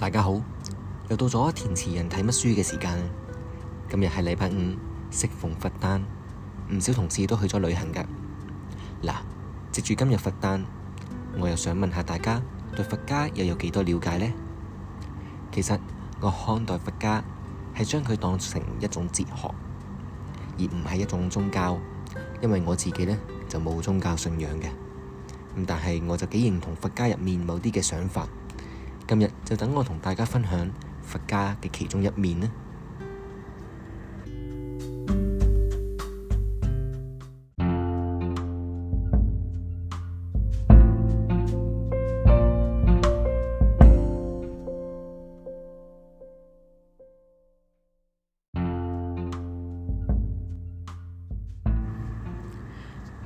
大家好，又到咗填詞人睇乜書嘅時間。今日係禮拜五，適逢佛誕，唔少同事都去咗旅行噶。嗱，接住今日佛誕，我又想問下大家對佛家又有幾多了解呢？其實我看待佛家係將佢當成一種哲學，而唔係一種宗教，因為我自己呢就冇宗教信仰嘅。咁但係我就幾認同佛家入面某啲嘅想法。今日就等我同大家分享佛家嘅其中一面呢。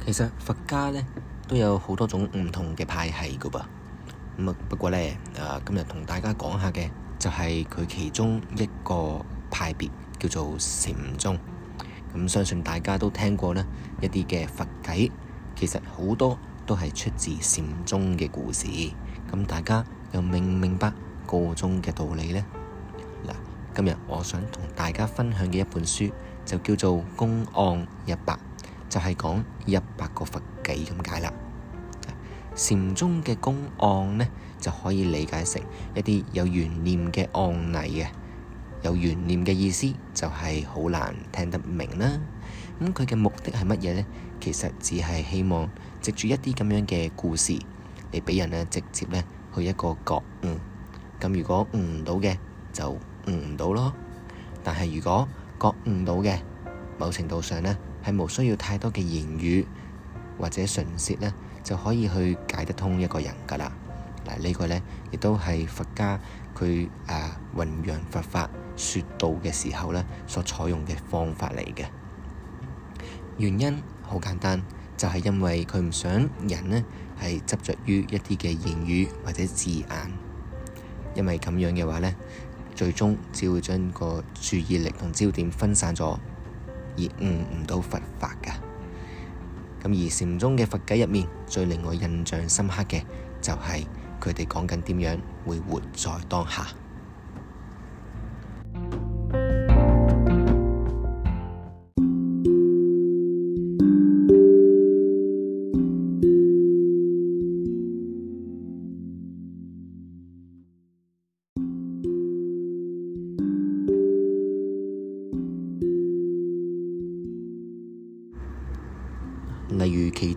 其實佛家呢都有好多種唔同嘅派系噶噃。嗯、不過呢，誒、呃、今日同大家講下嘅就係佢其中一個派別叫做禪宗。咁、嗯、相信大家都聽過呢一啲嘅佛偈，其實好多都係出自禪宗嘅故事。咁、嗯、大家又明唔明白箇中嘅道理呢？嗱，今日我想同大家分享嘅一本書就叫做《公案一百》，就係、係、講一百個佛偈咁解啦。禪宗嘅公案呢，就可以理解成一啲有懸念嘅案例嘅，有懸念嘅意思就係好難聽得明啦。咁佢嘅目的係乜嘢呢？其實只係希望藉住一啲咁樣嘅故事，嚟俾人呢直接呢去一個覺悟。咁、嗯、如果悟到嘅，就悟唔到咯。但係如果覺悟到嘅，某程度上呢，係冇需要太多嘅言語。或者唇舌咧，就可以去解得通一個人噶啦。嗱、這個，呢個咧亦都係佛家佢誒弘揚佛法説道嘅時候咧，所採用嘅方法嚟嘅。原因好簡單，就係、是、因為佢唔想人呢係執着於一啲嘅言語或者字眼，因為咁樣嘅話咧，最終只會將個注意力同焦點分散咗，而悟唔到佛法噶。咁而禪宗嘅佛偈入面，最令我印象深刻嘅就係佢哋講緊點樣會活在當下。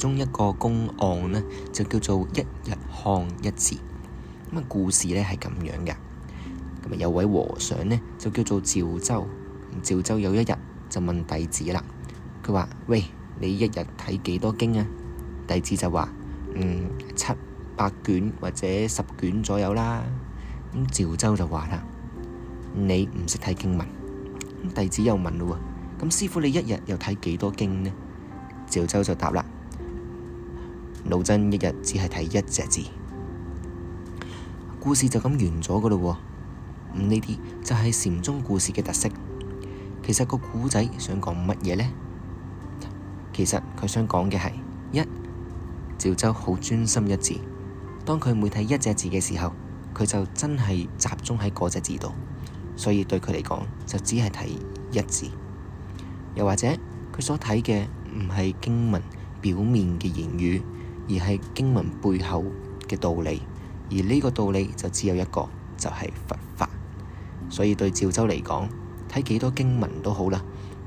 其中一個公案呢，就叫做「一日看一字」。咁啊，故事呢係咁樣嘅。咁啊，有位和尚呢，就叫做趙州。趙州有一日就問弟子啦，佢話：喂，你一日睇幾多經啊？弟子就話：嗯，七八卷或者十卷左右啦。咁、嗯、趙州就話啦，你唔識睇經文。弟子又問啦，咁師傅你一日又睇幾多經呢？趙州就答啦。老僧一日只係睇一隻字，故事就咁完咗噶咯。咁呢啲就係禪宗故事嘅特色。其實個古仔想講乜嘢呢？其實佢想講嘅係一趙州好專心一字。當佢每睇一隻字嘅時候，佢就真係集中喺嗰隻字度，所以對佢嚟講就只係睇一字。又或者佢所睇嘅唔係經文表面嘅言語。而係經文背後嘅道理，而呢個道理就只有一個，就係佛法。所以對趙州嚟講，睇幾多經文都好啦，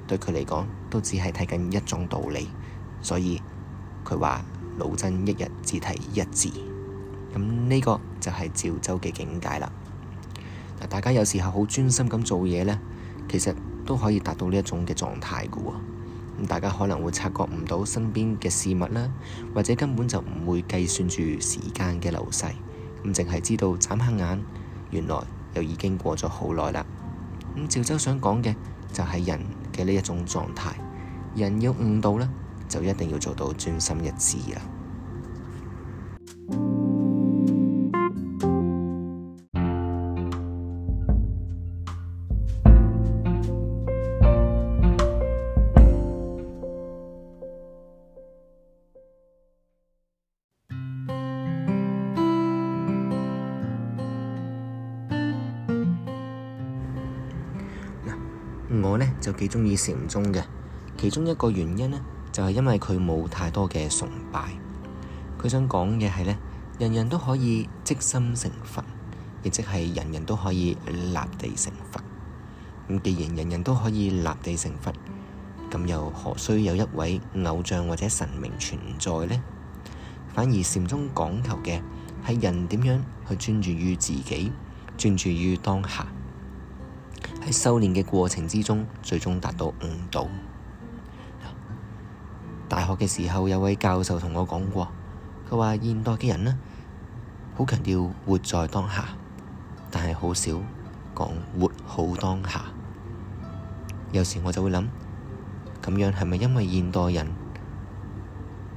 對佢嚟講都只係睇緊一種道理。所以佢話老僧一日只睇一字，咁呢個就係趙州嘅境界啦。嗱，大家有時候好專心咁做嘢呢，其實都可以達到呢一種嘅狀態噶喎。咁大家可能會察覺唔到身邊嘅事物啦，或者根本就唔會計算住時間嘅流逝，咁淨係知道眨下眼，原來又已經過咗好耐啦。咁趙州想講嘅就係人嘅呢一種狀態，人要悟到呢，就一定要做到專心一致啦。我呢，就幾鍾意禪宗嘅，其中一個原因呢，就係、是、因為佢冇太多嘅崇拜。佢想講嘅係呢，人人都可以即心成佛，亦即係人人都可以立地成佛。咁既然人人都可以立地成佛，咁又何須有一位偶像或者神明存在呢？反而禪宗講求嘅係人點樣去專注於自己，專注於當下。喺修煉嘅過程之中，最終達到悟道。大學嘅時候有位教授同我講過，佢話現代嘅人呢，好強調活在當下，但係好少講活好當下。有時我就會諗，咁樣係咪因為現代人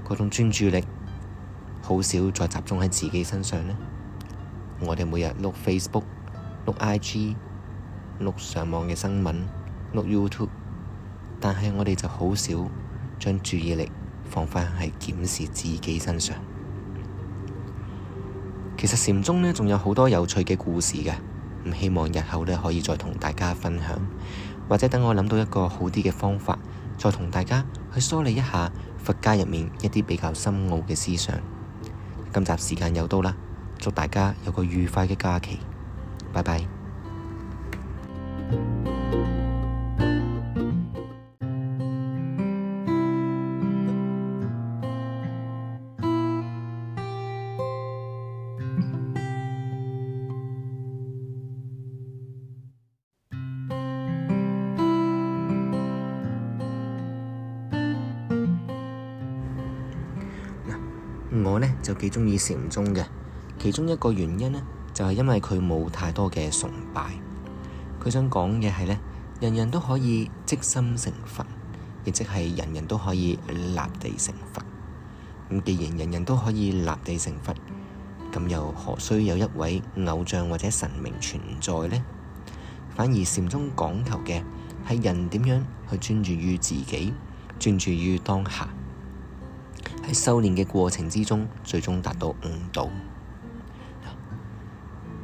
嗰種專注力好少再集中喺自己身上呢？我哋每日碌 Facebook，碌 IG。錄上網嘅新聞，錄 YouTube，但係我哋就好少將注意力放返喺檢視自己身上。其實禪宗呢，仲有好多有趣嘅故事嘅，唔希望日後呢，可以再同大家分享，或者等我諗到一個好啲嘅方法，再同大家去梳理一下佛家入面一啲比較深奧嘅思想。今集時間又到啦，祝大家有個愉快嘅假期，拜拜。我呢，就幾鍾意禪宗嘅，其中一個原因呢，就係、是、因為佢冇太多嘅崇拜。佢想講嘅係呢，人人都可以即心成佛，亦即係人人都可以立地成佛。咁既然人人都可以立地成佛，咁又何須有一位偶像或者神明存在呢？反而禪宗講求嘅係人點樣去專注於自己，專注於當下，喺修練嘅過程之中，最終達到悟道。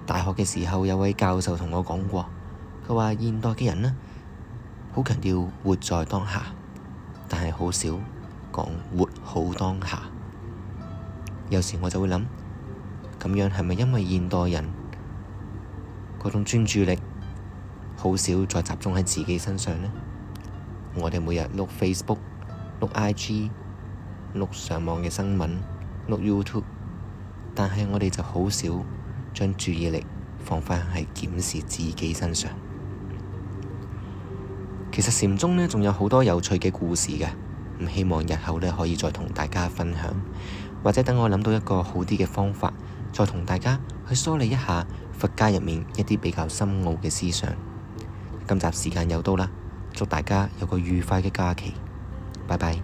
大學嘅時候有位教授同我講過。佢話：現代嘅人呢，好強調活在當下，但係好少講活好當下。有時我就會諗，咁樣係咪因為現代人嗰種專注力好少再集中喺自己身上呢？我哋每日碌 Facebook、碌 IG、碌上網嘅新聞、碌 YouTube，但係我哋就好少將注意力放翻喺檢視自己身上。其實禪宗咧，仲有好多有趣嘅故事嘅，唔希望日後咧可以再同大家分享，或者等我諗到一個好啲嘅方法，再同大家去梳理一下佛家入面一啲比較深奧嘅思想。今集時間又到啦，祝大家有個愉快嘅假期，拜拜。